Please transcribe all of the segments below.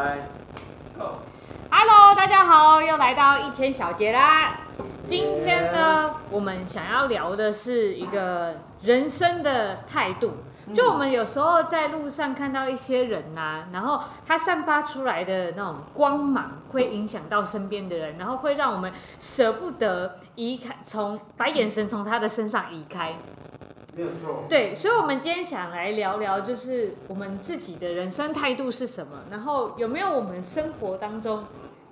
嗨，Hello，大家好，又來到一千小節啦。今天呢，yeah. 我們想要聊的是一個人生的態度。就我們有時候在路上看到一些人啊，mm -hmm. 然後他散發出來的那種光芒，會影響到身邊的人，然後會讓我們捨不得移開，從把眼神從他的身上移開。對，所以，我們今天想來聊聊，就是我們自己的人生態度是什麼，然後有沒有我們生活當中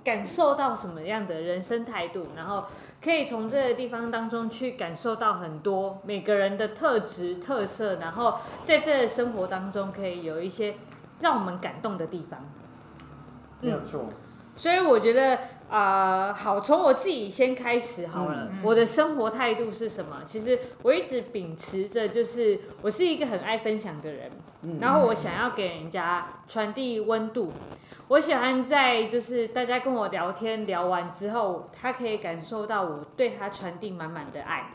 感受到什麼樣的人生態度，然後可以從這個地方當中去感受到很多每個人的特質、特色，然後在這生活當中可以有一些讓我們感動的地方。沒有錯，嗯，所以我覺得。啊、呃，好，從我自己先開始好了。嗯嗯、我的生活態度是什麼？其實我一直秉持着，就是我是一個很愛分享的人，嗯、然後我想要給人家傳遞溫度、嗯。我喜歡在就是大家跟我聊天聊完之後，他可以感受到我對他傳遞滿滿的愛。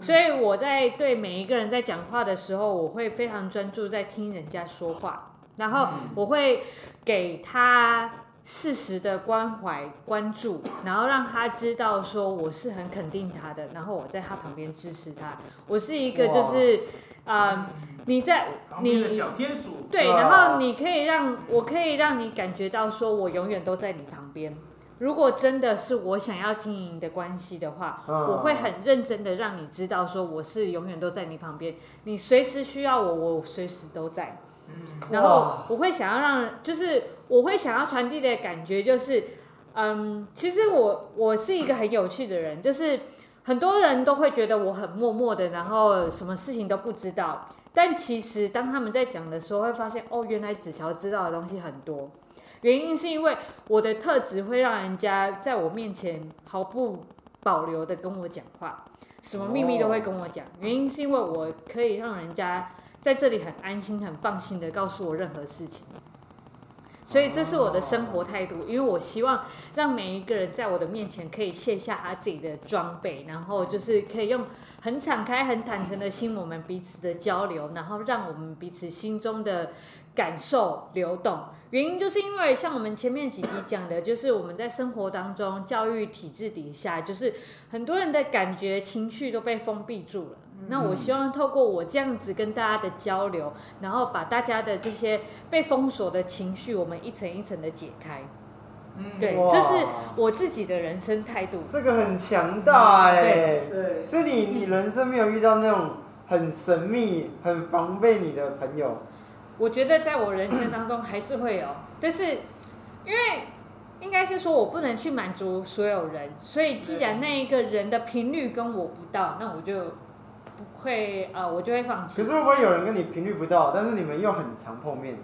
所以我在對每一個人在講話的時候，我會非常專注在聽人家說話，然後我會給他。適時的關懷、關注，然後讓他知道說我是很肯定他的，然後我在他旁邊支持他。我是一個就是、呃、你在旁邊的小天鼠對，然後你可以讓、啊、我可以讓你感覺到說，我永遠都在你旁邊。如果真的是我想要經營的關係的話、啊，我會很認真的讓你知道說，我是永遠都在你旁邊，你隨時需要我，我隨時都在。嗯，然後我會想要讓，就是我會想要傳遞的感覺就是，嗯，其實我我是一個很有趣的人，就是很多人都會覺得我很默默的，然後什麼事情都不知道，但其實當他們在講的時候，會發現哦，原來子喬知道的東西很多，原因是因為我的特質會讓人家在我面前毫不保留的跟我講話，什麼秘密都會跟我講，哦，原因是因為我可以讓人家，在這裡很安心、很放心的告訴我任何事情，所以這是我的生活態度。因為我希望讓每一個人在我的面前可以卸下他自己的裝備，然後就是可以用很敞開、很坦誠的心，我們彼此的交流，然後讓我們彼此心中的感受流動。原因就是因為像我們前面幾集講的，就是我們在生活當中教育體制底下，就是很多人的感覺、情緒都被封閉住了。那我希望透過我這樣子跟大家的交流，嗯、然後把大家的這些被封鎖的情緒，我們一層一層的解開。嗯，對，這是我自己的人生態度。這個很強大哎、欸嗯，對，所以你你人生沒有遇到那種很神秘、 很防備你的朋友？我覺得在我人生當中還是會有， 但是因為應該是說我不能去滿足所有人，所以既然那一個人的頻率跟我不到，那我就。會呃，我就會放棄。可是會不會有人跟你頻率不到？但是你們又很常碰面。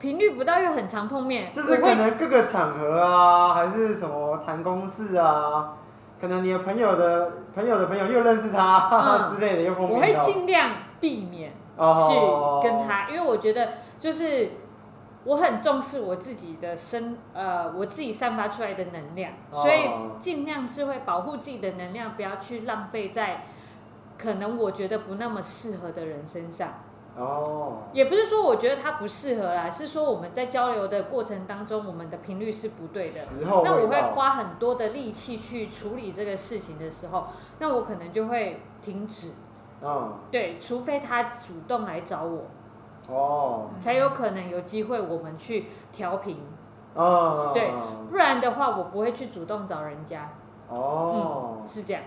頻率不到又很常碰面，就是可能各個場合啊，還是什麼談公事啊，可能你的朋友的朋友的朋友又認識他、嗯、之類的，又碰面到，我會盡量避免去跟他、哦，因為我覺得就是我很重視我自己的身呃，我自己散發出來的能量，哦，所以盡量是會保護自己的能量，不要去浪費在。可能我覺得不那麼適合的人身上，哦、oh.，也不是說我覺得他不適合啦，是說我們在交流的過程當中，我們的頻率是不對的時候，那我會花很多的力氣去處理這個事情的時候，那我可能就會停止。嗯、oh.，對，除非他主動來找我，哦、oh.，才有可能有機會我們去調頻。Oh. 對，不然的話我不會去主動找人家。哦、oh. 嗯，是這樣。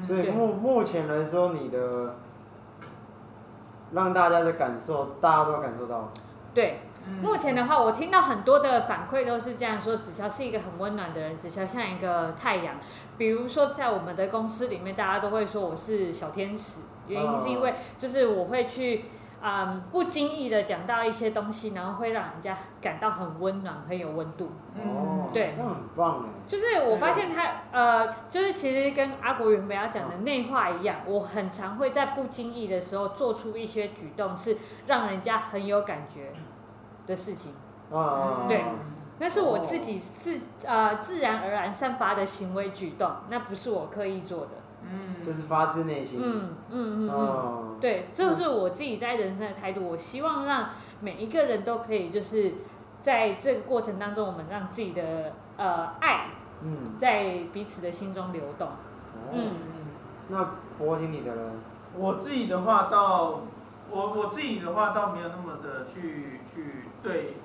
所以目目前來說，你的讓大家的感受，大家都感受到。對，目前的話，我聽到很多的反饋都是這樣說：子喬是一個很溫暖的人，子喬像一個太陽。比如說，在我們的公司裡面，大家都會說我是小天使，原因是因為就是我會去。啊、um，不經意的講到一些東西，然後會讓人家感到很溫暖，很有溫度。嗯、哦，對，這很棒。就是我發現他、啊，呃，就是其實跟阿國原本要講的內化一樣、哦，我很常會在不經意的時候做出一些舉動，是讓人家很有感覺的事情。啊、哦，對，那是我自己自啊、哦自，呃、自然而然散發的行為舉動，那不是我刻意做的。嗯，就是發自內心。嗯嗯嗯嗯、哦，對，就是我自己在人生的態度，我希望讓每一個人都可以，就是在這個過程當中，我們讓自己的呃愛，在彼此的心中流動。嗯嗯，嗯，那會聽你的人我自己的話到，到我我自己的話，倒沒有那麼的去去對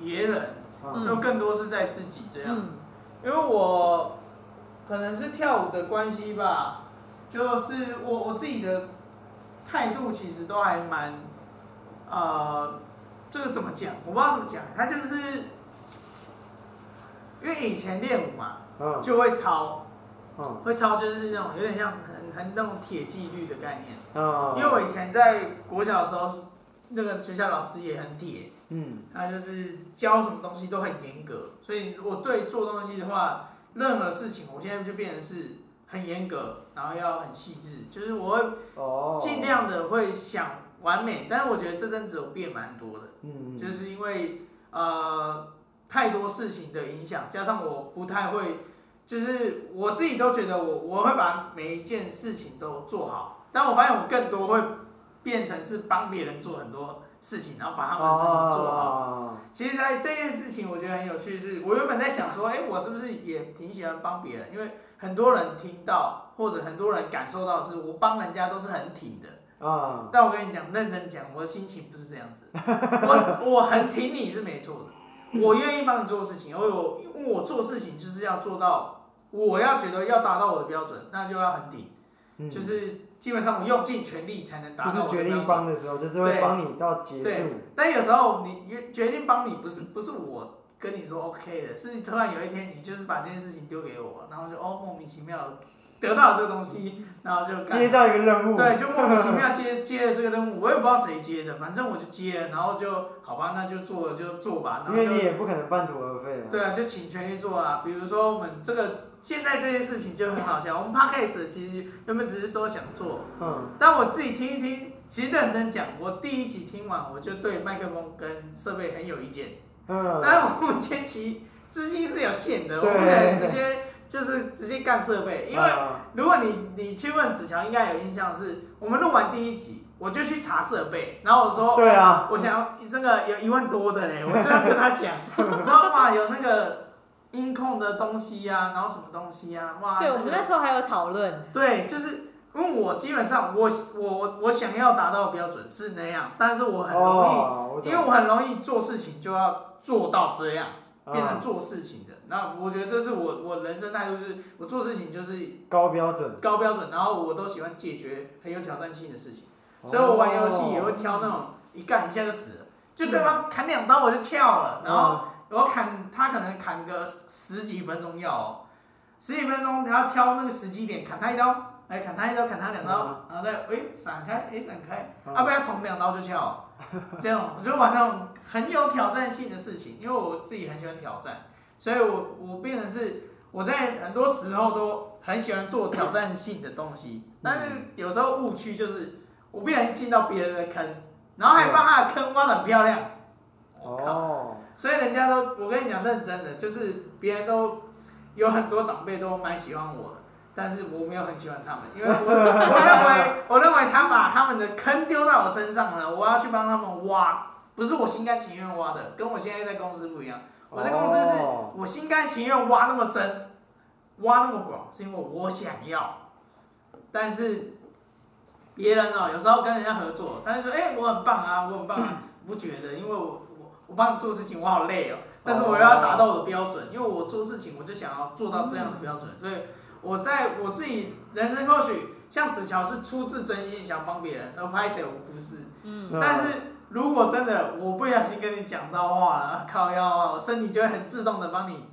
別人，那、嗯、更多是在自己這樣，嗯、因為我。可能是跳舞的關係吧，就是我我自己的態度其實都還蠻，呃，這個怎麼講？我不知道怎麼講，他就是，因為以前練舞嘛，就會抄，會抄，就是那種有點像很很那種鐵紀律的概念，因為我以前在國小的時候，那個學校老師也很鐵，他就是教什麼東西都很嚴格，所以我對做東西的話。任何事情，我現在就變成是很嚴格，然後要很細緻，就是我會儘量的會想完美。但是我覺得這陣子我變蠻多的，就是因為呃太多事情的影響，加上我不太會，就是我自己都覺得我我會把每一件事情都做好，但我發現我更多會變成是幫別人做很多。事情，然後把他們的事情做好。Oh, 其實，在這件事情，我覺得很有趣。是，我原本在想說，哎，我是不是也挺喜歡幫別人？因為很多人聽到或者很多人感受到，是我幫人家都是很挺的。Oh. 但我跟你講，認真講，我的心情不是這樣子。我我很挺你是沒錯的，我願意幫你做事情。我因我做事情就是要做到，我要覺得要達到我的標準，那就要很挺、嗯，就是。基本上我用盡全力才能達到我的標準。就是決定幫的時候，就是會幫你到結束。對。對，但有時候你決定幫你，不是不是我跟你說 OK 的，是突然有一天你就是把這件事情丟給我，然後就哦莫名其妙得到這個東西，然後就接到一個任務。對，就莫名其妙接接了這個任務，我也不知道誰接的，反正我就接了，然後就好吧，那就做就做吧，然後就。因為你也不可能半途而廢。對啊，就盡全力做啊！比如說我們這個。現在這些事情就很好笑，我們 Podcast 其實原本只是說想做，嗯，但我自己聽一聽，其實認真講，我第一集聽完，我就對麥克風跟設備很有意見，嗯，但是我們前期資金是有限的，我們不能直接就是直接幹設備對對對，因為如果你你去問子喬，應該有印象是，我們錄完第一集，我就去查設備，然後我說，對啊，我想要這個有一萬多的嘞，我這樣跟他講， 我說哇，有那個。音控的東西呀、啊，然後什麼東西呀、啊？哇！對、那個、我們那時候還有討論。對，就是因為我基本上我我我想要達到標準是那樣，但是我很容易，oh, okay. 因為我很容易做事情就要做到這樣，uh. 變成做事情的。那我覺得這是我我人生態度、就是，是我做事情就是高標準，高標準，然後我都喜歡解決很有挑戰性的事情，oh. 所以我玩遊戲也會挑那種、嗯、一幹一下就死了，就對方、yeah. 砍兩刀我就翹了，然後。Uh -huh. 我砍他，可能砍個十幾分鐘要、哦，十幾分鐘，然後挑那個時機點砍他一刀，來砍他一刀，砍他兩刀，然後再哎閃開，哎閃開，啊不要捅兩刀就翹，這樣我就玩那種很有挑戰性的事情，因為我自己很喜歡挑戰，所以我我變成是我在很多時候都很喜歡做挑戰性的東西，但是有時候誤區就是我變成進到別人的坑，然後還把他的坑挖得很漂亮，哦，靠。所以人家都，我跟你講，認真的，就是別人都有很多長輩都蠻喜歡我的，但是我沒有很喜歡他們，因為我，我認為我認為他把他們的坑丟到我身上了，我要去幫他們挖，不是我心甘情願挖的，跟我現在在公司不一樣，我在公司是我心甘情願挖那麼深，挖那麼廣，是因為我想要，但是別人哦，有時候跟人家合作，人家說哎，我很棒啊，我很棒啊，不覺得，因為我。我幫你做事情，我好累哦，但是我要達到我的標準，oh, oh, oh, oh, oh. 因為我做事情我就想要做到這樣的標準，嗯、所以我在我自己人生或許像子喬是出自真心想幫別人，那拍謝我不是，嗯，但是如果真的我不小心跟你講到話了，靠腰身體就會很自動的幫你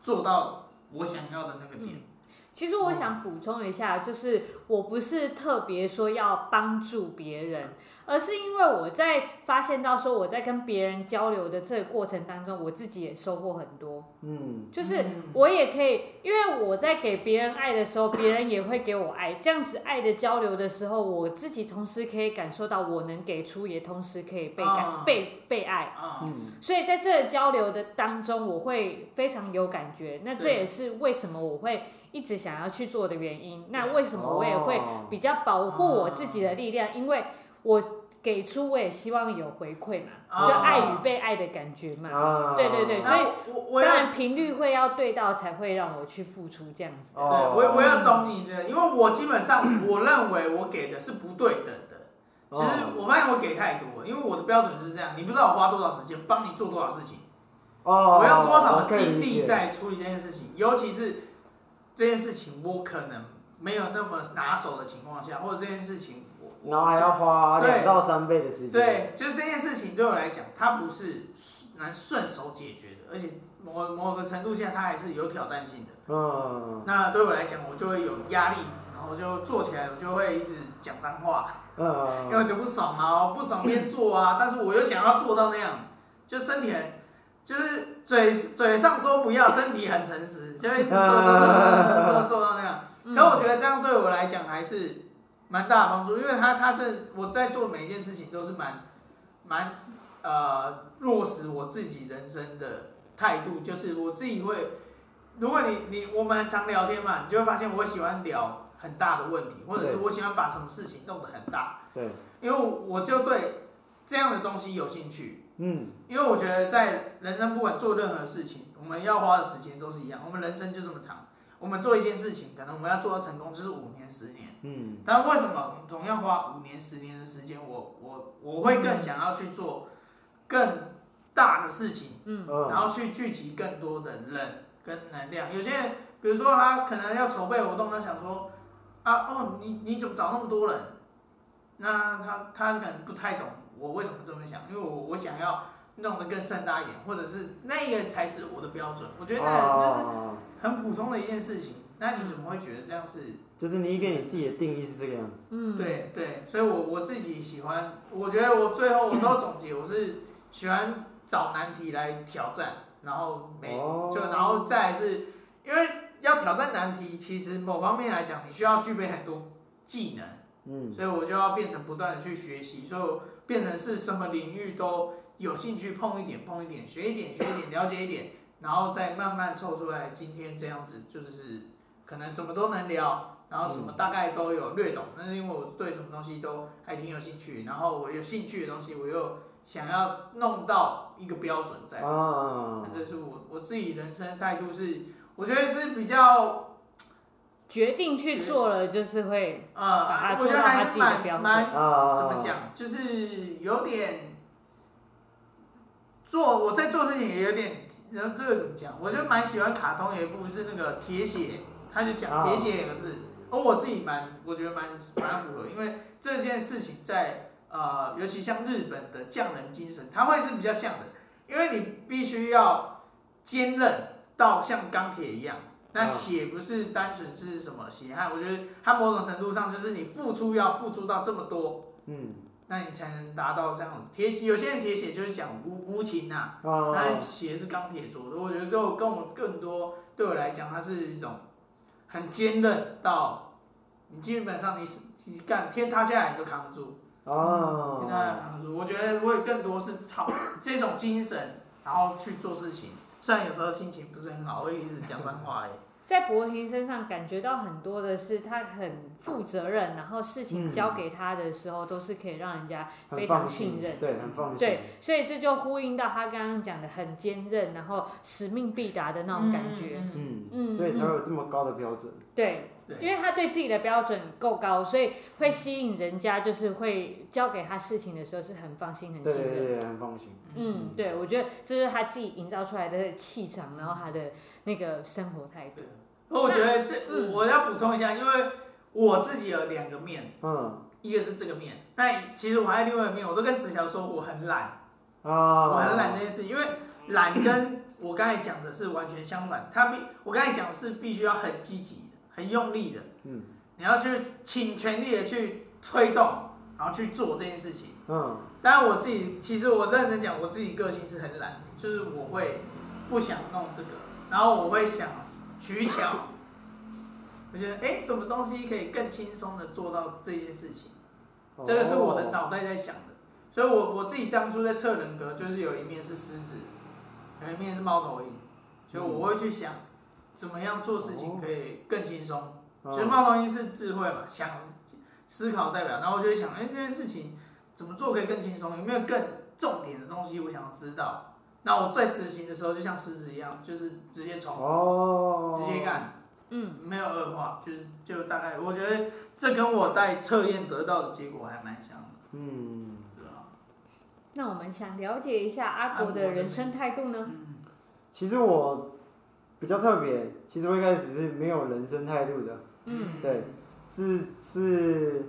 做到我想要的那個點。嗯其實我想補充一下，就是我不是特別說要幫助別人，而是因為我在發現到說我在跟別人交流的這個過程當中，我自己也收穫很多。嗯，就是我也可以，因為我在給別人愛的時候，別人也會給我愛。這樣子愛的交流的時候，我自己同時可以感受到我能給出，也同時可以被感被被愛。嗯，所以在這個交流的當中，我會非常有感覺。那這也是為什麼我會一直想要去做的原因，那為什麼我也會比較保護我自己的力量？因為，我給出，我也希望有回饋嘛，就愛與被愛的感覺嘛。對對對，所以當然頻率會要對到，才會讓我去付出這樣子。對，我我要懂你的，因為我基本上我認為我給的是不對等的。其實我發現我給太多，因為我的標準就是這樣，你不知道我花多少時間幫你做多少事情。我用多少精力在處理這件事情，尤其是。這件事情我可能沒有那麼拿手的情況下，或者這件事情我，我還要花兩到三倍的時間，對，就是這件事情對我來講，它不是順，能順手解決的，而且某某個程度下它還是有挑戰性的。嗯，那對我來講，我就會有壓力，然後就做起來，我就會一直講髒話，嗯，因為我就不爽嘛、啊，我不爽邊做啊，但是我又想要做到那樣，就身體很，就是。嘴嘴上說不要，身體很誠實，就一直做做做做做做到那樣。可我覺得這樣對我來講還是蠻大的幫助，因為他他是我在做每一件事情都是蠻蠻呃落實我自己人生的態度，就是我自己會，如果你你我們常聊天嘛，你就會發現我喜歡聊很大的問題，或者是我喜歡把什麼事情弄得很大，對，因為我就對這樣的東西有興趣。嗯，因為我覺得在人生不管做任何事情，我們要花的時間都是一樣。我們人生就這麼長，我們做一件事情，可能我們要做到成功就是五年、十年。嗯，但為什麼我們同樣花五年、十年的時間，我我我會更想要去做更大的事情，嗯，然後去聚集更多的人跟、嗯、能量。有些人，比如說他可能要籌備活動，他想說啊，哦，你你怎麼找那麼多人？那他他可能不太懂。我為什麼這麼想？因為我我想要弄得更盛大一點，或者是那一個才是我的標準。我覺得那、oh. 那是很普通的一件事情。那你怎麼會覺得這樣是？就是你給你自己的定義是這個樣子。嗯，對對。所以我我自己喜歡，我覺得我最後我都總結， 我是喜歡找難題來挑戰，然後沒就然後再來是，因為要挑戰難題，其實某方面來講，你需要具備很多技能。嗯。所以我就要變成不斷的去學習，所以我。變成是什麼領域都有興趣碰一點，碰一點，學一點，學一點，了解一點，然後再慢慢湊出來。今天這樣子就是可能什麼都能聊，然後什麼大概都有略懂。嗯。但是因為我對什麼東西都還挺有興趣，然後我有興趣的東西我又想要弄到一個標準在。這、嗯、是我我自己人生態度是，我覺得是比較。決定去做了，就是會啊、嗯，我覺得還是蠻蠻，啊怎麼講？就是有點做我在做事情也有點，然後這個怎麼講？我覺得蠻喜歡卡通有一部是那個鐵血，他就講鐵血兩個字。而我自己蠻我覺得蠻蠻符合，因為這件事情在呃，尤其像日本的匠人精神，他會是比較像的，因為你必須要堅韌到像鋼鐵一樣。那血不是單純是什麼血汗，我覺得它某種程度上就是你付出要付出到這麼多，嗯，那你才能達到這樣子鐵血。有些人鐵血就是講無無情啊，他的血是鋼鐵做的。我覺得我跟我更多，對我來講，它是一種很堅韌到你基本上你你幹天塌下來你都扛得住。哦，天塌下來扛得住。我覺得如果更多是靠這種精神，然後去做事情。雖然有時候心情不是很好，我也一直講髒話耶。 在博婷身上感覺到很多的是他很負責任，然後事情交給他的時候、嗯、都是可以讓人家非常信任、嗯，對，很放心。對，所以這就呼應到他剛剛講的很堅韌，然後使命必達的那種感覺嗯嗯。嗯，所以才有這麼高的標準。嗯、對。對，因為他對自己的標準夠高，所以會吸引人家，就是會交給他事情的時候是很放心、很信任。對，對，對很放心嗯。嗯，對，我覺得這是他自己營造出來的氣場，然後他的那個生活態度。我覺得這，我要補充一下、嗯，因為我自己有兩個面，嗯，一個是這個面，但其實我還有另外一個面，我都跟子喬說我很懶啊、哦，我很懶這件事情、嗯，因為懶跟我剛才講的是完全相反，他必我剛才講的是必須要很積極。很用力的，嗯、你要去傾全力的去推動，然後去做這件事情，嗯、但當然我自己，其實我認真講，我自己個性是很懶，就是我會不想弄這個，然後我會想取巧，嗯、我覺得哎、欸，什麼東西可以更輕鬆的做到這件事情，哦、這個是我的腦袋在想的。所以我，我我自己當初在測人格，就是有一面是獅子，有一面是貓頭鷹，所以我會去想。嗯怎麼樣做事情可以更輕鬆？其實冒東西是智慧嘛，想思考代表，然後我就會想，哎、欸，這件事情怎麼做可以更輕鬆？有沒有更重點的東西？我想要知道。那我在執行的時候，就像獅子一樣，就是直接從、oh. 直接幹，oh. 嗯，沒有惡化，就是就大概，我覺得這跟我帶測驗得到的結果還蠻像的，嗯、啊，那我們想了解一下阿國的人生態度呢、嗯，其實我。比較特別，其實我一開始是沒有人生態度的，嗯，對，是是，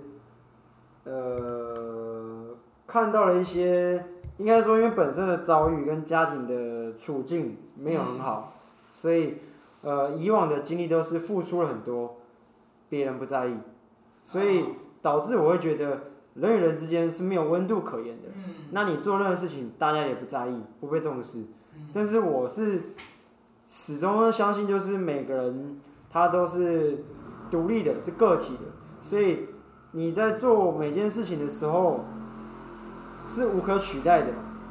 呃，看到了一些，應該說因為本身的遭遇跟家庭的處境沒有很好，嗯、所以，呃，以往的經歷都是付出了很多，別人不在意，所以導致我會覺得人與人之間是沒有溫度可言的，嗯，那你做任何事情大家也不在意，不被重視，嗯，但是我是。始終相信，就是每個人他都是獨立的，是個體的，所以你在做每件事情的時候是無可取代的，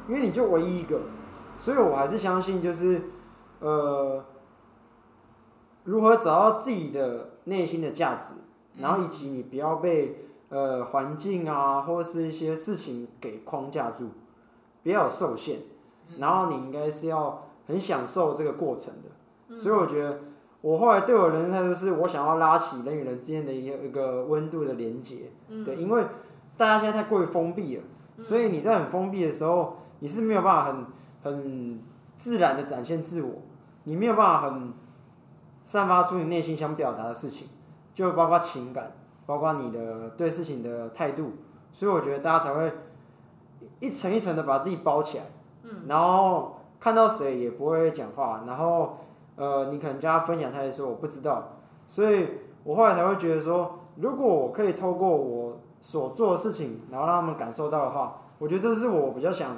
因為你就唯一一個，所以我還是相信，就是呃，如何找到自己的內心的價值，然後以及你不要被呃環境啊或是一些事情給框架住，不要受限，然後你應該是要。很享受這個過程的，所以我覺得我後來對我的人生就是我想要拉起人與人之間的一個一個溫度的連接，對，因為大家現在太過於封閉了，所以你在很封閉的時候，你是沒有辦法很很自然的展現自我，你沒有辦法很散發出你內心想表達的事情，就包括情感，包括你的對事情的態度，所以我覺得大家才會一層一層的把自己包起來，然後。看到誰也不會講話，然後，呃，你可能跟他分享，他也說我不知道，所以我後來才會覺得說，如果我可以透過我所做的事情，然後讓他們感受到的話，我覺得這是我比較想，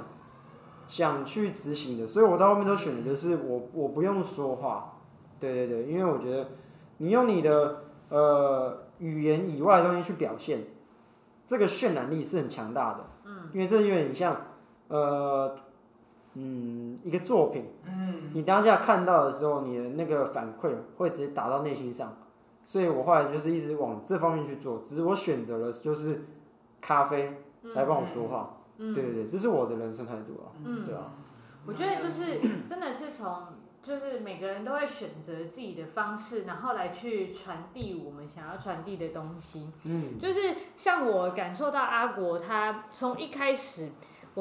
想去執行的，所以我到後面都選的就是我，我不用說話，對對對，因為我覺得你用你的呃語言以外的東西去表現，這個渲染力是很強大的，嗯，因為這有點像，呃。嗯，一個作品，嗯，你當下看到的時候，你的那個反饋會直接打到內心上，所以我後來就是一直往這方面去做，只是我選擇了就是咖啡來幫我說話，嗯、對對，對這是我的人生態度啊、嗯，對啊，我覺得就是真的是從就是每個人都會選擇自己的方式，然後來去傳遞我們想要傳遞的東西，嗯，就是像我感受到阿國他從一開始。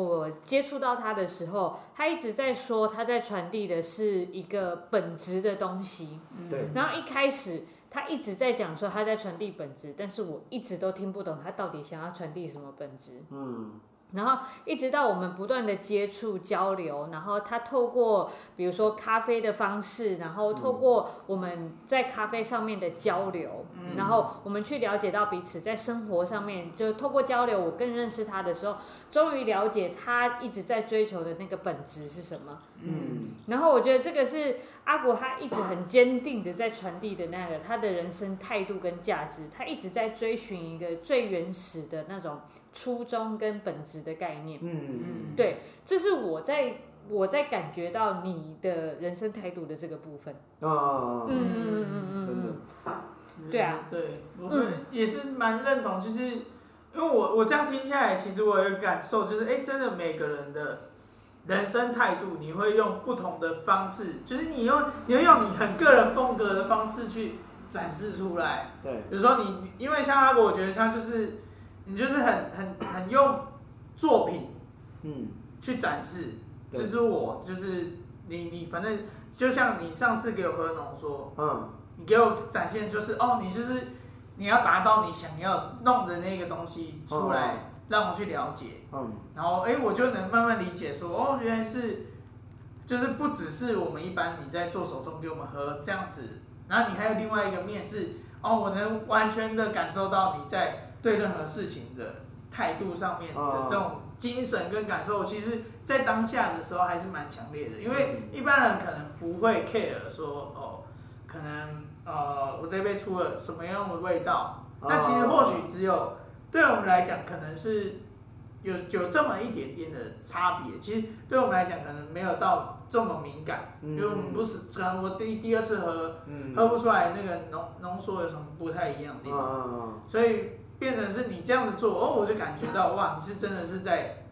我接觸到他的時候，他一直在說他在傳遞的是一個本質的東西。嗯，對。然後一開始他一直在講說他在傳遞本質，但是我一直都聽不懂他到底想要傳遞什麼本質。嗯。然後一直到我們不斷的接觸交流，然後他透過比如說咖啡的方式，然後透過我們在咖啡上面的交流，嗯、然後我們去了解到彼此在生活上面，就透過交流，我更認識他的時候，終於了解他一直在追求的那個本質是什麼。嗯，然後我覺得這個是阿國他一直很堅定的在傳遞的那個他的人生態度跟價值，他一直在追尋一個最原始的那種初衷跟本質的概念。嗯嗯，對，這是我在我在感覺到你的人生態度的這個部分哦，嗯嗯嗯嗯，真的，真的，對啊，對，我也是蠻認同，嗯，就是因為我我這樣聽下來，其實我有感受就是，哎，真的每個人的。人生態度，你會用不同的方式，就是你用，你會用你很個人風格的方式去展示出來。對，比如說你，因為像阿國，我覺得他就是，你就是很很很用作品，嗯，去展示，這，嗯就是我，就是你你反正就像你上次給我喝的濃縮，嗯，你給我展現就是哦，你就是你要達到你想要弄的那個東西出來。嗯讓我去了解，嗯、然後哎，我就能慢慢理解說，說哦，原來是，就是不只是我們一般你在做手沖給我們喝這樣子，然後你還有另外一個面是，哦，我能完全的感受到你在對任何事情的態度上面的這種精神跟感受，嗯、其實，在當下的時候還是蠻強烈的，因為一般人可能不會 care 說哦，可能呃，我這邊出了什麼樣的味道，那、嗯、其實或許只有。對我們來講，可能是有有這麼一點點的差別。其實對我們來講，可能沒有到這麼敏感，因、嗯、為我們不是可能我第第二次喝，嗯、喝不出來那個濃濃縮有什麼不太一樣的地方，哦哦哦，所以變成是你這樣子做，哦，我就感覺到哇，你是真的是在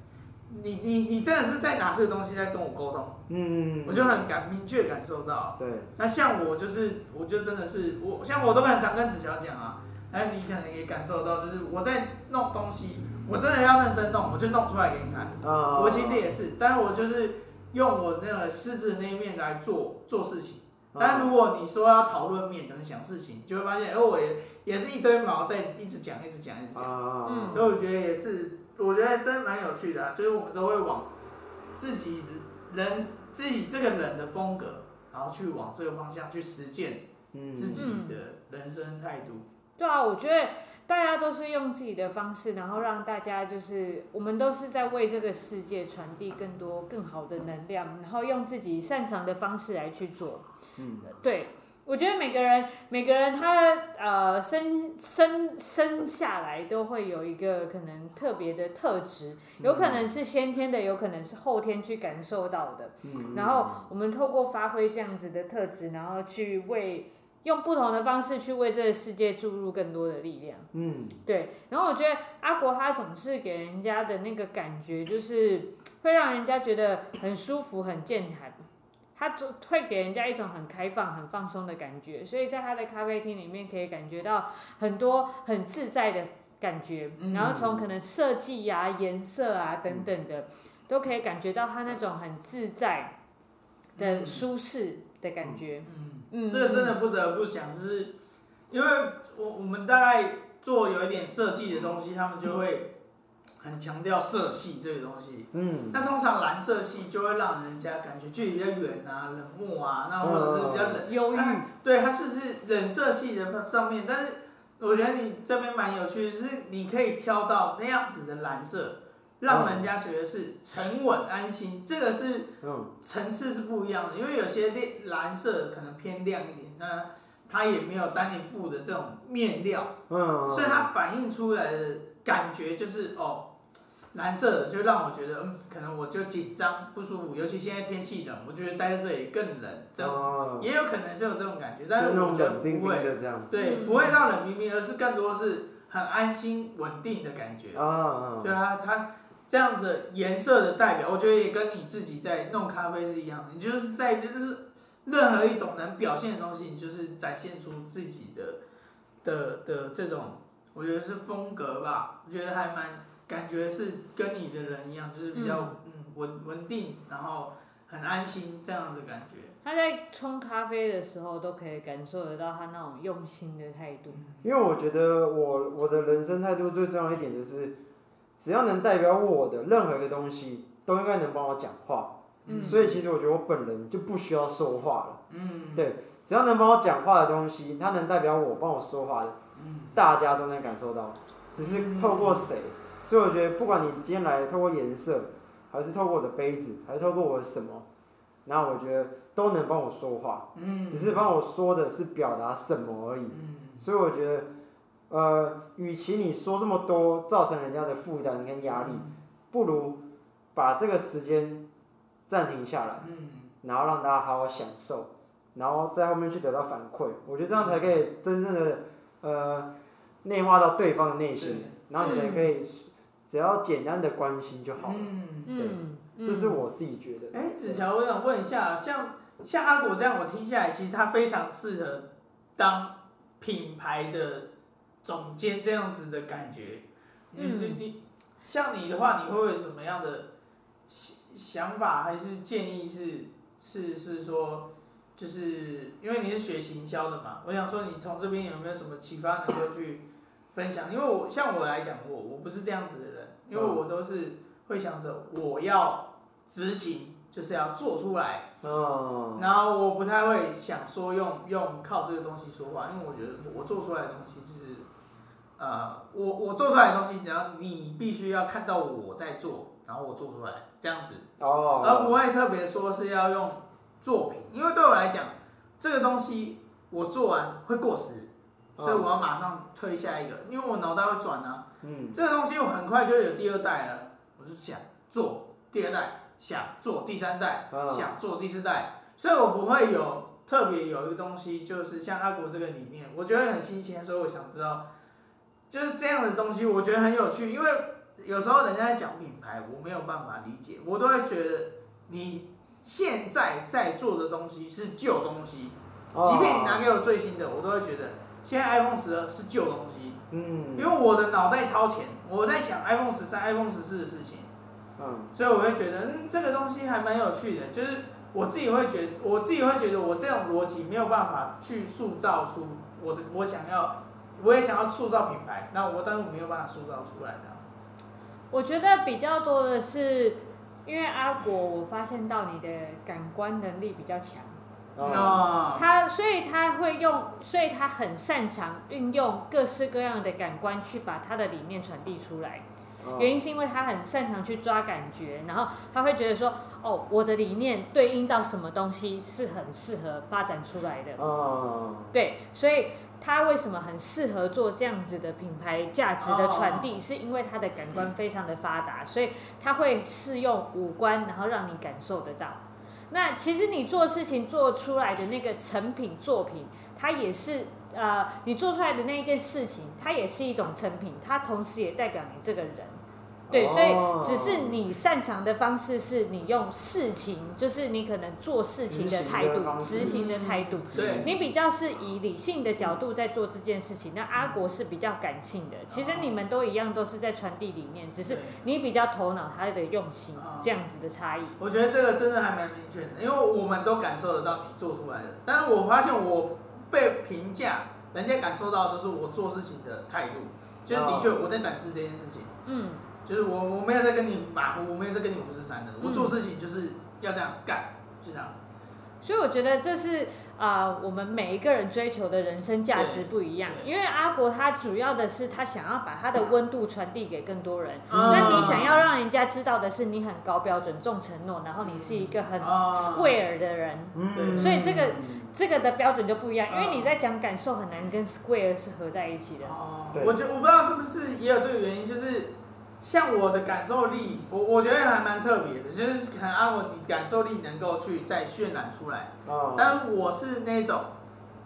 你你你真的是在拿這個東西在跟我溝通，嗯、我就很感明確感受到對。那像我就是，我就真的是我，像我都很常跟子喬講啊。哎，你可能也感受到，就是我在弄東西，我真的要認真弄，我就弄出來給你看。嗯嗯嗯、我其實也是，但是我就是用我那個獅子那一面來做做事情。但如果你說要討論面，可能想事情，就會發現，哦、欸，我也也是一堆毛在一直講，一直講，一直講、嗯。嗯。所以我覺得也是，我覺得真蠻有趣的、啊，就是我們都會往自己人、自己這個人的風格，然後去往這個方向去實踐自己的人生態度。嗯嗯對啊，我覺得大家都是用自己的方式，然後讓大家就是，我們都是在為這個世界傳遞更多更好的能量，然後用自己擅長的方式來去做。嗯，對，我覺得每個人每個人他呃生生生下來都會有一個可能特別的特質，有可能是先天的，有可能是後天去感受到的。嗯，然後我們透過發揮這樣子的特質，然後去為。用不同的方式去為這個世界注入更多的力量。嗯，對。然後我覺得阿國他總是給人家的那個感覺，就是會讓人家覺得很舒服、很健談。他總會給人家一種很開放、很放鬆的感覺，所以在他的咖啡廳裡面可以感覺到很多很自在的感覺。然後從可能設計呀、顏色啊等等的、嗯，都可以感覺到他那種很自在的舒適的感覺。嗯。嗯嗯，這個真的不得不想，就是因為我我們大概做有一點設計的東西，他們就會很強調色系這個東西。嗯，那通常藍色系就會讓人家感覺距離比較遠啊，冷漠啊，那或者是比較冷、憂、嗯、鬱。對，它是是冷色系的上面，但是我覺得你這邊蠻有趣的，就是你可以挑到那樣子的藍色。讓人家覺得是沉穩安心，這個是層次是不一樣的，因為有些藍藍色可能偏亮一點，那它也沒有丹寧布的這種面料，所以它反映出來的感覺就是哦，藍色的就讓我覺得嗯，可能我就緊張不舒服，尤其現在天氣冷，我覺得待在這裡更冷，哦，也有可能是有這種感覺，但是我覺得不會，對，不會讓冷冰冰，而是更多是很安心穩定的感覺，對啊，它。這樣子顏色的代表，我覺得也跟你自己在弄咖啡是一樣的。你就是在就是任何一種能表現的東西，你就是展現出自己的的的這種，我覺得是風格吧。我覺得還蠻感覺是跟你的人一樣，就是比較嗯穩穩、嗯、定，然後很安心這樣的感覺。他在沖咖啡的時候都可以感受得到他那種用心的態度。因為我覺得我我的人生態度最重要一點就是。只要能代表我的任何一個東西，都應該能幫我講話、嗯。所以其實我覺得我本人就不需要說話了。嗯、對，只要能幫我講話的東西，它能代表我幫我說話的、嗯，大家都能感受到。只是透過誰、嗯，所以我覺得不管你今天來透過顏色，還是透過我的杯子，還是透過我的什麼，然後我覺得都能幫我說話。嗯、只是幫我說的是表達什麼而已、嗯。所以我覺得。呃，與其你說這麼多，造成人家的負擔跟壓力、嗯，不如把這個時間暫停下來、嗯，然後讓大家好好享受，然後在後面去得到反饋，我覺得這樣才可以真正的、嗯、呃內化到對方的內心，嗯、然後你才可以、嗯、只要簡單的關心就好了，嗯、對、嗯，這是我自己覺得。哎、嗯，子喬，我想問一下，像像阿國這樣，我聽下來其實他非常適合當品牌的。總監這樣子的感覺，你你你，像你的話，你會有什麼樣的想想法，還是建議是是是說，就是因為你是學行銷的嘛，我想說你從這邊有沒有什麼啟發能夠去分享？因為我像我來講，我我不是這樣子的人，因為我都是會想着我要執行，就是要做出來，然後我不太會想說用用靠這個東西說話，因為我覺得我做出來的東西就是。啊、呃，我我做出來的東西，然後你必須要看到我在做，然後我做出來這樣子。Oh. 而不會我也特別說是要用作品，因為對我來講，這個東西我做完會過時，所以我要馬上推下一個，Oh. 因為我腦袋會轉啊。嗯。這個東西我很快就有第二代了，我就想做第二代，想做第三代，Oh. 想做第四代，所以我不會有特別有一個東西，就是像阿國這個理念，我覺得很新鮮，所以我想知道。就是這樣的東西，我覺得很有趣，因為有時候人家在講品牌，我沒有辦法理解，我都會覺得你現在在做的東西是舊東西，即便你拿給我最新的，我都會覺得現在 iPhone 十二是舊東西，嗯，因為我的腦袋超前，我在想 iPhone 十三、iPhone 十四的事情，嗯，所以我會覺得，嗯，這個東西還蠻有趣的，就是我自己會覺得，我自己會覺得我這種邏輯沒有辦法去塑造出我的我想要。我也想要塑造品牌，那我但是我沒有辦法塑造出來的，這我覺得比較多的是，因為阿國我發現到你的感官能力比較強，哦、oh.，他所以他會用，所以他很擅長運用各式各樣的感官去把他的理念傳遞出來。Oh. 原因是因為他很擅長去抓感覺，然後他會覺得說，哦，我的理念對應到什麼東西是很適合發展出來的，哦、oh.，對，所以。他為什麼很適合做這樣子的品牌價值的傳遞？Oh. 是因為他的感官非常的發達，所以他會適用五官，然後讓你感受得到。那其實你做事情做出來的那個成品作品，它也是呃，你做出來的那一件事情，它也是一種成品，它同時也代表你這個人。對，所以只是你擅長的方式是你用事情，就是你可能做事情的態度、執行的，執行的態度、嗯。對。你比較是以理性的角度在做這件事情，那阿國是比較感性的。其實你們都一樣，都是在傳遞理念，只是你比較頭腦，他的用心這樣子的差異。我覺得這個真的還蠻明確的，因為我們都感受得到你做出來的。但是我發現我被評價，人家感受到的就是我做事情的態度，就是的確我在展示這件事情。嗯。就是我，我沒有在跟你馬虎，我沒有在跟你五四三的。我做事情就是要這樣幹、嗯，是這樣。所以我覺得這是啊、呃，我們每一個人追求的人生價值不一樣。因為阿國他主要的是他想要把他的溫度傳遞給更多人、嗯。那你想要讓人家知道的是你很高標準、重承諾，然後你是一個很 square 的人。對、嗯嗯，所以這個這個的標準就不一樣。因為你在講感受，很難跟 square 是合在一起的。哦、嗯，對，我覺，我不知道是不是也有這個原因，就是。像我的感受力，我我覺得還蠻特別的，就是可能按我的感受力能夠去再渲染出來。Oh. 但我是那種，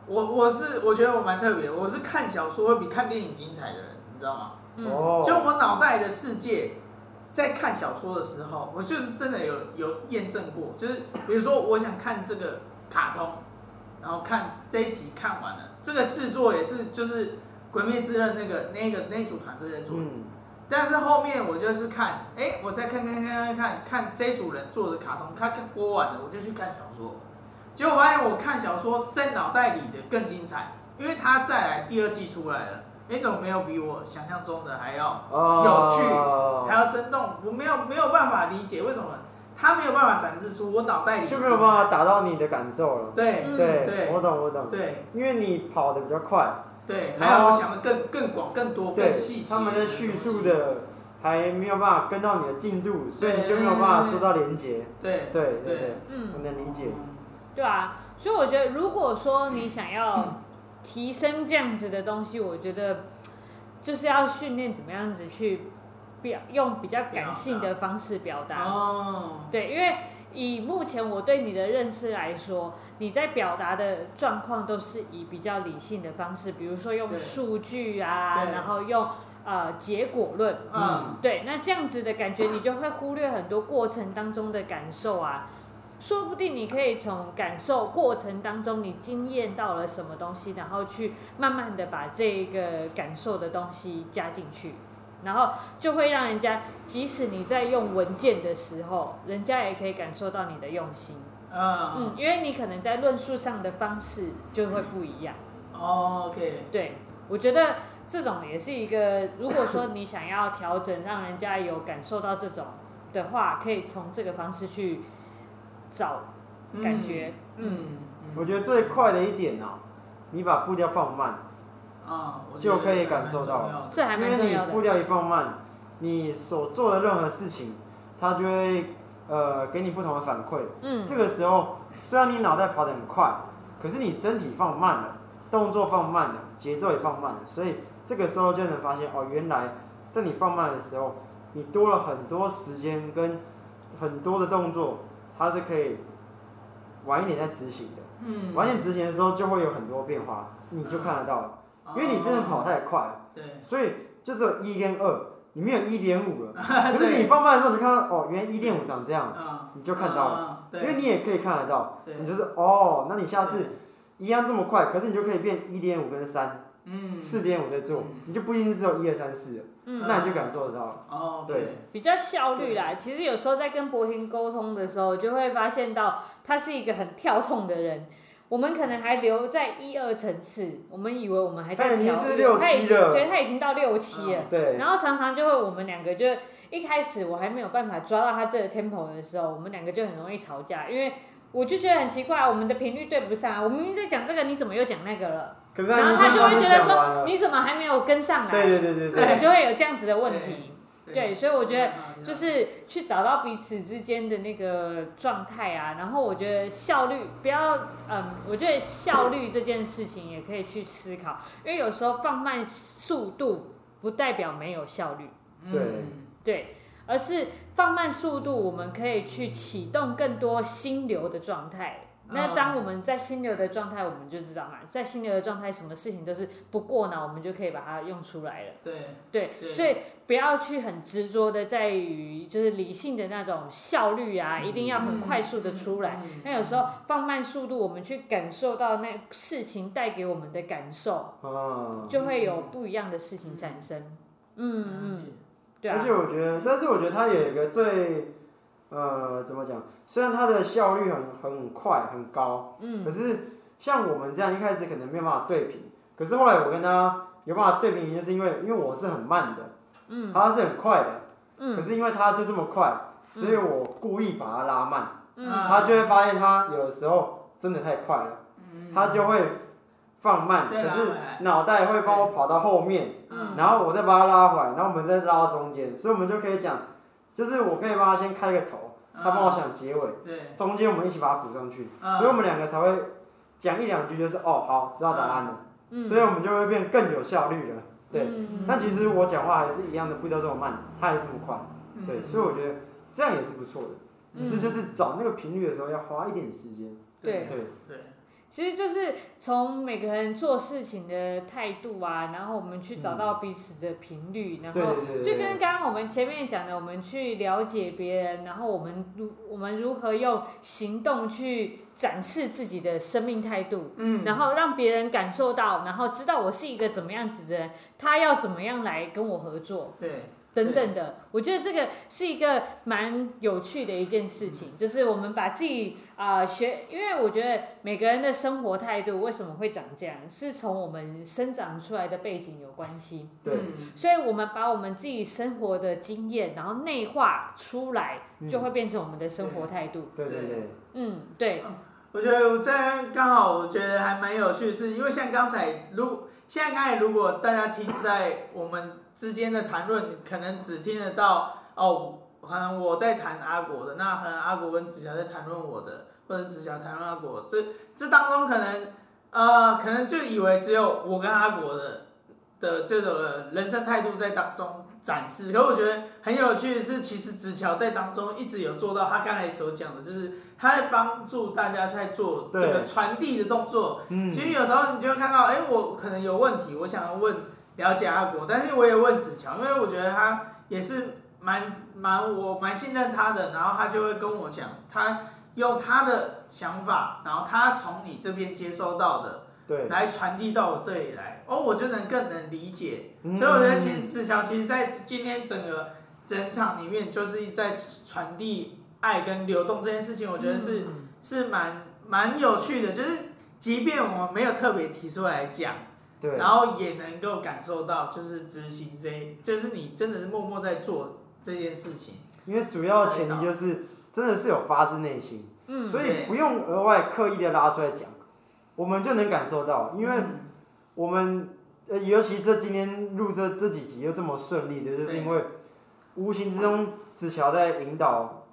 我我是我覺得我蠻特別的，我是看小說會比看電影精彩的人，你知道嗎？Oh. 就我腦袋的世界，在看小說的時候，我就是真的有有驗證過，就是比如說我想看這個卡通，然後看這一集看完了，這個製作也是就是《鬼滅之刃》那個那個那一組團隊在做。Oh. 但是後面我就是看，哎、欸，我再看看看看看，看這組人做的卡通，他播完了，我就去看小說，結果發現我看小說在腦袋裡的更精彩，因為他再來第二季出來了，那怎麼沒有比我想象中的還要有趣，oh. 還要生動？我沒有沒有辦法理解為什麼，他沒有辦法展示出我腦袋裡的就沒有辦法達到你的感受了，對、嗯、對，對，我懂我懂，對，因為你跑的比較快。對，還好我想的更更廣、更多、對更細，他們的敘述的還沒有辦法跟到你的進度，所以你就沒有辦法做到連結對，對，對對對，嗯，對對對對對對對能理解、嗯。對啊。所以我覺得，如果說你想要提升這樣子的東西，嗯、我覺得就是要訓練怎麼樣子去表用比較感性的方式表達。哦。對，因為以目前我對你的認識來說。你在表達的狀況都是以比較理性的方式，比如說用數據啊，然後用呃結果論，嗯呃，對，那這樣子的感覺你就會忽略很多過程當中的感受啊。說不定你可以從感受過程當中，你經驗到了什麼東西，然後去慢慢的把這個感受的東西加進去，然後就會讓人家，即使你在用文件的時候，人家也可以感受到你的用心。Uh, 嗯，因為你可能在論述上的方式就會不一樣。OK。對，我覺得這種也是一個，如果說你想要調整， 讓人家有感受到這種的話，可以從這個方式去找感覺。嗯。嗯，我覺得最快的一點呢，啊，你把步調放慢。啊、uh，就可以感受到，這還蠻重要的。因為你步調一放慢，你所做的任何事情，他就會。呃，給你不同的反饋。嗯，這個時候雖然你腦袋跑得很快，可是你身體放慢了，動作放慢了，節奏也放慢了，所以這個時候就能發現哦，原來在你放慢的時候，你多了很多時間跟很多的動作，它是可以晚一點再執行的。嗯。晚一點執行的時候就會有很多變化，你就看得到了。嗯，因為你真的跑太快了。嗯。對。所以就是一跟二。你沒有一點五了，可是你放慢的時候，你看到 哦，原來一點五長這樣。啊，你就看到了，啊對。因為你也可以看得到，你就是哦，那你下次一樣這麼快，可是你就可以變一點五跟三，嗯，四點五在做，嗯，你就不一定只有一二三四，那你就感受得到了。哦，啊，對，okay, 比較效率啦。其實有時候在跟博婷溝通的時候，就會發現到他是一個很跳動的人。我們可能還留在一二層次，我們以為我們還在調，對，他已經到六七了。嗯、對。然後常常就會，我們兩個就一開始我還沒有辦法抓到他這個 tempo 的時候，我們兩個就很容易吵架，因為我就覺得很奇怪，我們的頻率對不上、啊、我們明明在講這個，你怎麼又講那個了？可是然後他就會覺得說，你怎麼還沒有跟上來？對對對對對，對，就會有這樣子的問題。對，所以我覺得就是去找到彼此之間的那個狀態啊，然後我覺得效率不要，嗯，我覺得效率這件事情也可以去思考，因為有時候放慢速度不代表沒有效率，對，對，對，而是放慢速度，我們可以去啟動更多心流的狀態。那當我們在心流的狀態，oh, 我們就知道嘛，在心流的狀態，什麼事情都是不過腦，我們就可以把它用出來了。對對,對，所以不要去很執着的在於就是理性的那種效率啊，嗯、一定要很快速的出來。嗯、那有時候放慢速度，我們去感受到那事情帶給我們的感受、嗯，就會有不一樣的事情產生。嗯嗯，對啊。而且我覺得，但是我覺得它有一個最。呃，怎麼講？雖然它的效率很很快、很高，嗯，可是像我們這樣一開始可能沒有辦法對平，可是後來我跟他有辦法對平，就是因為因為我是很慢的，嗯，他是很快的，嗯，可是因為他就這麼快，所以我故意把他拉慢，嗯，他就會發現他有的時候真的太快了，嗯、他就會放慢，嗯、可是腦袋會幫我跑到後面，嗯，然後我再把他拉回來，然後我們再拉到中間，所以我們就可以講。就是我可以幫他先開個頭，他幫我想結尾，啊、中間我們一起把它補上去、啊，所以我們兩個才會講一兩句就是哦好，知道答案了、啊嗯，所以我們就會變更有效率了。對，那、嗯嗯、其實我講話還是一樣的，步調這麼慢，他還是這麼快、嗯。對，所以我覺得這樣也是不錯的、嗯，只是就是找那個頻率的時候要花一點時間、嗯。對對。對其實就是從每個人做事情的態度啊，然後我們去找到彼此的頻率，嗯、對對對對。然後就跟剛剛我們前面講的，我們去了解別人，然後我們如我們如何用行動去展示自己的生命態度，嗯，然後讓別人感受到，然後知道我是一個怎麼樣子的人，他要怎麼樣來跟我合作，對。等等的，我覺得這個是一個蠻有趣的一件事情，就是我們把自己啊、呃、學，因為我覺得每個人的生活態度為什麼會長這樣，是從我們生長出來的背景有關係。對，嗯、所以我們把我們自己生活的經驗，然後內化出來，就會變成我們的生活態度。嗯、對，對對對。嗯，對。我覺得我這樣剛好，我覺得還蠻有趣，是因為像剛才，如果現在剛才如果大家聽在我們。之間的談論，可能只聽得到哦，可能我在談阿國的，那可能阿國跟子喬在談論我的，或者子喬談論阿國，這這當中可能，呃，可能就以為只有我跟阿國的的這種的人生態度在當中展示。可我覺得很有趣的是，其實子喬在當中一直有做到他剛才所講的，就是他在幫助大家在做這個傳遞的動作，嗯。其實有時候你就會看到，哎，我可能有問題，我想要問。了解阿國，但是我也問子喬，因為我覺得他也是蠻蠻，我蠻信任他的，然後他就會跟我講，他用他的想法，然後他從你這邊接收到的，對，來傳遞到我這裡來，哦、oh,，我就能更能理解、嗯。所以我覺得其實子喬，其實，在今天整個整場裡面，就是在傳遞愛跟流動這件事情，我覺得是、嗯、是蠻蠻有趣的，就是即便我沒有特別提出來講。對，然後也能夠感受到，就是執行這一，就是你真的是默默在做這件事情。因為主要前提就是真的是有發自內心，嗯，所以不用額外刻意的拉出來講，我們就能感受到。因為我們，嗯，呃，尤其這今天錄這這幾集又這麼順利的，就是因為無形之中子喬在引導，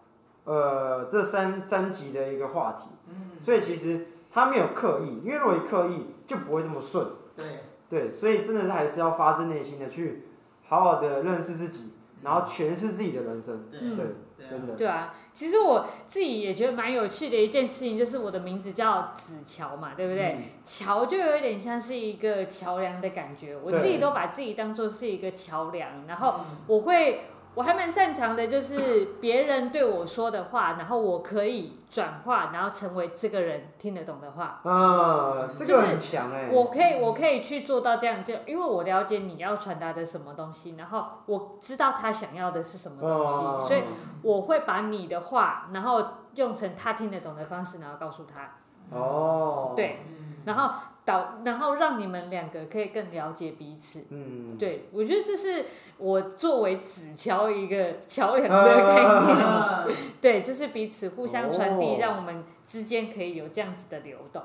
呃，這三三集的一個話題。嗯。所以其實他沒有刻意，因為如果一刻意就不會這麼順。對。對，所以真的是還是要發自內心的去好好的認識自己，嗯、然後詮釋自己的人生。嗯、對、嗯，真的。對啊，其實我自己也覺得蠻有趣的一件事情，就是我的名字叫子喬嘛，對不對？喬、嗯、就有一點像是一個橋樑的感覺，我自己都把自己當做是一個橋樑，嗯、然後我會。我還蠻擅長的，就是別人對我說的話，然後我可以轉化，然後成為這個人聽得懂的話。啊、哦，這個很強哎！就是、我可以，我可以去做到這樣，就因為我了解你要傳達的什麼東西，然後我知道他想要的是什麼東西、哦，所以我會把你的話，然後用成他聽得懂的方式，然後告訴他。哦。對。然後。導，然後讓你們兩個可以更了解彼此。嗯，對，我覺得這是我作為子喬一個橋梁的概念。啊、 對，就是彼此互相傳遞、哦，讓我們之間可以有這樣子的流動。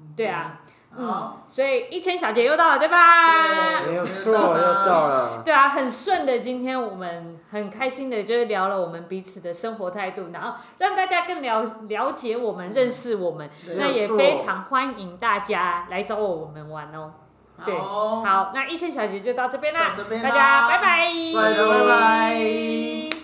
嗯、對啊。嗯，所以一千小節又到了，對吧？對沒有錯， 又到了。對啊，很順的。今天我們很開心的，就是聊了我們彼此的生活態度，然後讓大家更了了解我們，認識我們對。那也非常歡迎大家來找我們玩哦。哦對好,哦好，那一千小節就到這邊啦。邊啦大家拜,拜。拜拜拜拜。